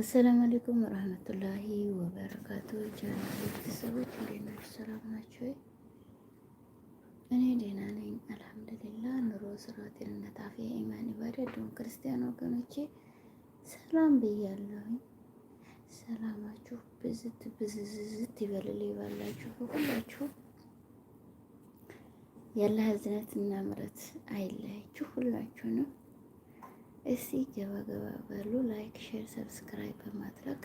አሰላሙ አለይኩም ወራህመቱላሂ ወበረካቱ። ቻናል ቤተሰቦች እንዴት ናችሁ? ሰላም ናችሁ? እኔ ደህና ነኝ አልሐምዱሊላህ። ኑሮ፣ ስራ፣ ጤንነት፣ አፍያ፣ ኢማን፣ ኢባዳ እንዲሁም ክርስቲያን ወገኖቼ ሰላም ብያለሁኝ። ሰላማችሁ ብዝት ብዝዝዝት ይበልል ባላችሁ ሁላችሁ ያለ ህዝነት እና ምረት አይለያችሁ ሁላችሁ ነው። እስቲ ገባ ገባ በሉ። ላይክ፣ ሼር፣ ሰብስክራይብ በማድረግ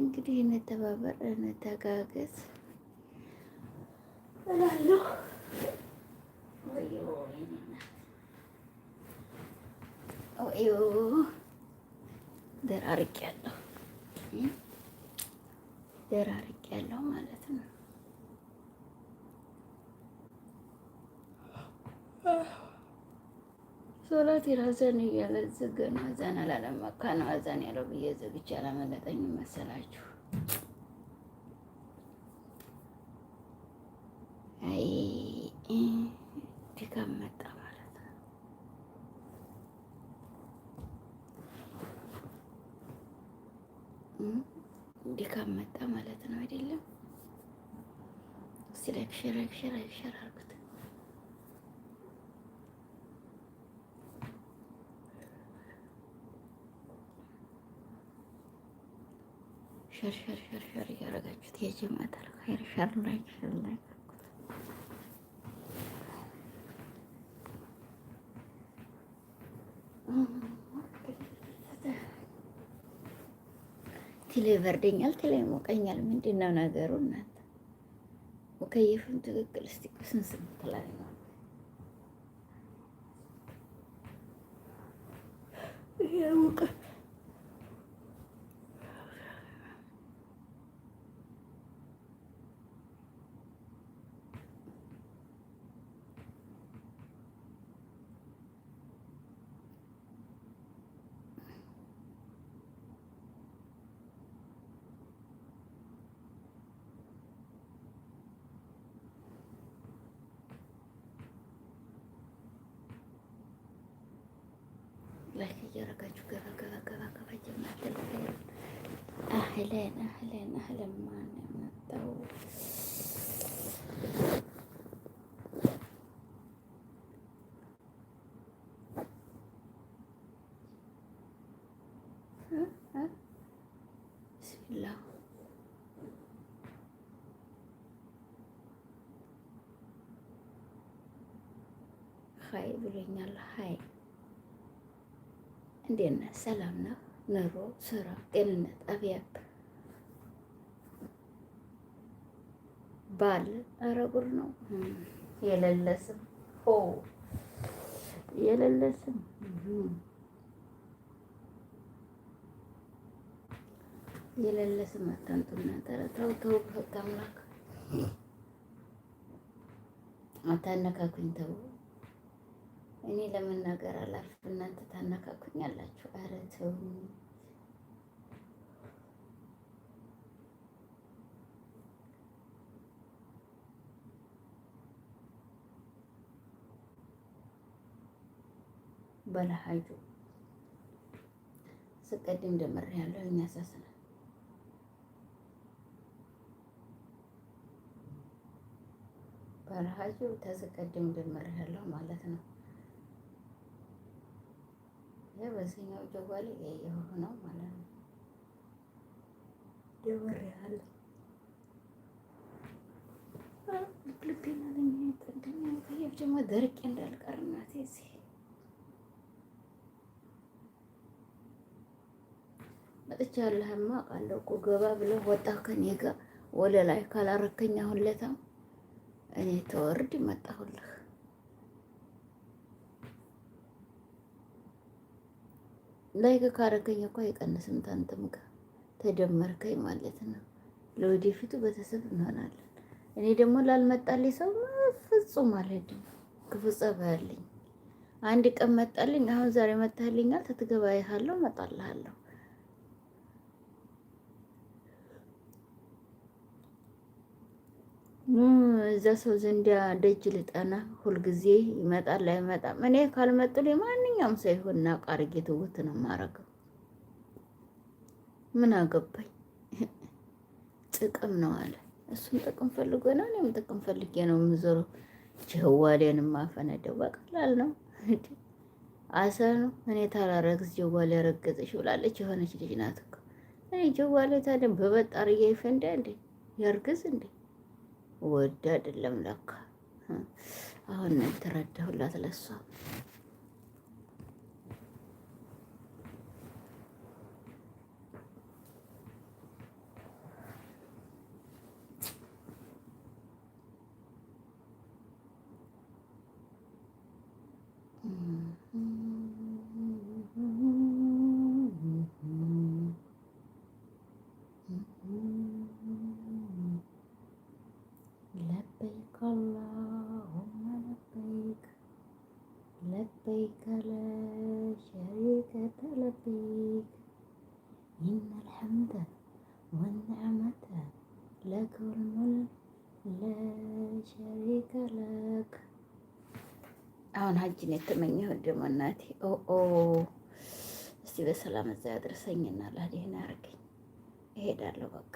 እንግዲህ እንተባበር፣ እንተጋገዝ እላለሁ። ኦዮ ደራርቅ ያለው ደራርቅ ያለው ማለት ነው። ሶላት ይራዘን እያለ ዘገን አዛን አላለም። መካ ነው አዛን ያለው ብዬ ዘግቼ አላመለጠኝም መሰላችሁ። አይ ድካም መጣ ማለት ነው። ድካም መጣ ማለት ነው አይደለም። እስኪ ላይክ ሸር ሸር ሸር ሸር እያደረጋችሁት የጅመተል ኸይር ሸር ላይ ሸር ላይ ቴሌ በርደኛል፣ ቴሌ ሞቀኛል። ምንድን ነው ነገሩ? እናንተ ሙከየፍም ትክክል። እስቲ ስንስም ነው ላይክ እያደረጋችሁ ገባ ገባ ገባ ገባ ጀማትል ኸይር አህለን አህለን አህለን ማን መጣው? ሀይ ብሎኛል። ሀይ እንዴት ነህ? ሰላም ነው? ኑሮ፣ ስራ፣ ጤንነት አብያት ባል አረጉር ነው የሌለ ሆ የሌለ ስም የሌለ ስም አታንጡና ኧረ ተው ተው አታነካኩኝ ተው እኔ ለመናገር አላፍ እናንተ ታናካኩኝ አላችሁ። ኧረ ተው በለሃጁ ስቀድም ደምር ያለው የሚያሳስናል። በለሃጁ ተስቀድም ደምር ያለው ማለት ነው። በዚህኛው ጀዋሌ ያየሁ ነው ማለት ነው። ደወር ያለ ልቤና ለሚጠግኛ ይህ ደግሞ ደርቄ እንዳልቀር እናቴ እዚህ መጥቻ ያለህማ አውቃለሁ እኮ ገባ ብለህ ወጣ ከኔ ወለላይ ካላረከኝ አሁን ለታም እኔ ተወርድ መጣሁልህ። ላይክ ካረከኝ እኮ አይቀንስም። ታንተም ጋር ተደመርከኝ ማለት ነው። ለወደፊቱ ቤተሰብ እንሆናለን። እኔ ደግሞ ላልመጣልኝ ሰው ፍጹም አልሄድም። ክፉ ጸባይ አለኝ። አንድ ቀን መጣልኝ። አሁን ዛሬ መጣልኛል። ተትገባይሃለሁ፣ መጣልሃለሁ እዛ ሰው ዘንድ ደጅ ልጠና ሁልጊዜ ይመጣል አይመጣም። እኔ ካልመጡልኝ ማንኛውም ሰው ይሁን አቃርጌ ትውት ነው የማረገው። ምን አገባኝ? ጥቅም ነው አለ። እሱም ጥቅም ፈልጎ ነው፣ እኔም ጥቅም ፈልጌ ነው የምዞረው። ጀዋሌን ማፈነደው በቀላል ነው። አሰር ነው እኔ ታላረግዝ ጀዋሌ ያረገዘች ብላለች የሆነች ልጅ ናት እኮ። እኔ ጀዋሌ ታዲያ በበጣር እያይፈንዳ እንዴ ያርግዝ እንዴ ወደ አይደለም ለካ አሁን ተረዳሁላት ለሷ ለበይክ አላሁመ ለበይክ ለበይከ ለሸሪከከ ለበይክ ኢነል ሐምደ ወኒዕመተ ለከ ወልሙልክ ለሸሪከ ለክ። አሁን ሀጅን የተመኘው ደግሞ እናቴ ኦኦ እስቲ በሰላም እዛ ያድርሰኝና ላዲህን አርገኝ እሄዳለሁ በቃ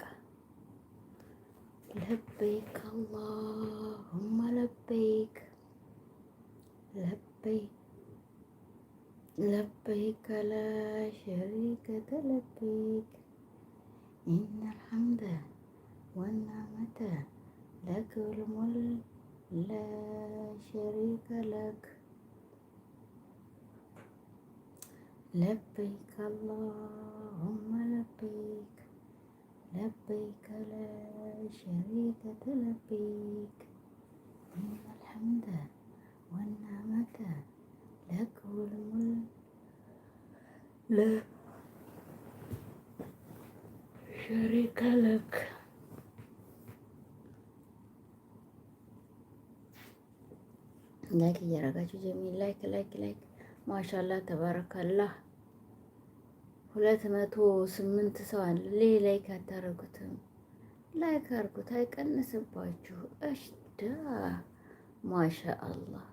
لبيك اللهم لبيك لبيك لبيك لا شريك لبيك إن الحمد والنعمة لك الملك لا شريك لك لبيك اللهم لبيك ለበይከ ለሸሪከከ ለበይክ ኢነል ሐምደ ወነዕመተ ለከ ለሸሪከ ለክ ላይክ እያረጋችሁ ጀሚል ላይክ ላይክ ላይክ ማሻላ ተባረካላህ ሁለት መቶ ስምንት ሰው አለ። ሌላ ላይክ አታረጉትም? ላይክ አርጉት፣ አይቀንስባችሁ። እሽዳ ማሻ አላህ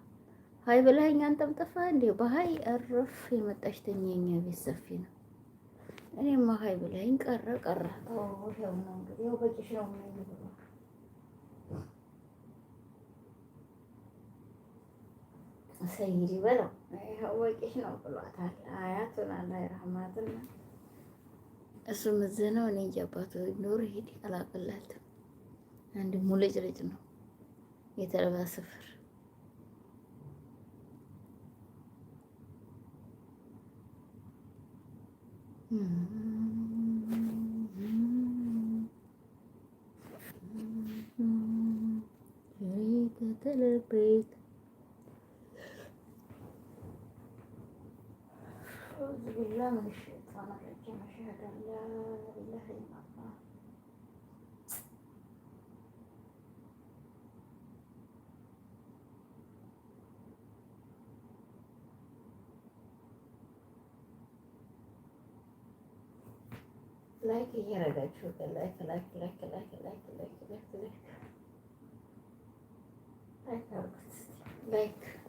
ሀይ ብለኸኝ አንጠምጥፋ እንዴ በሀይ እርፍ የመጣሽ ተኛ የኛ ቤት ሰፊ ነው። እኔማ ሀይ ብለኸኝ ቀረ ቀረ። ሰይድ በለው ወቂሽ ነው ብሏታል። አያቱን አላህ ይርሐማትና እሱ ምዘነው እኔ እንጂ አባቱ ኑር ሂድ አላቅላት አንድ ሙልጭልጭ ነው የተለባ ስፍር ቤት أعوذ بالله من الشيطان الرجيم أشهد أن لا إله إلا الله ላይክ እያረጋችሁ ላይክ ላይክ ላይክ ላይክ ላይክ ላይክ ላይክ ላይክ ላይክ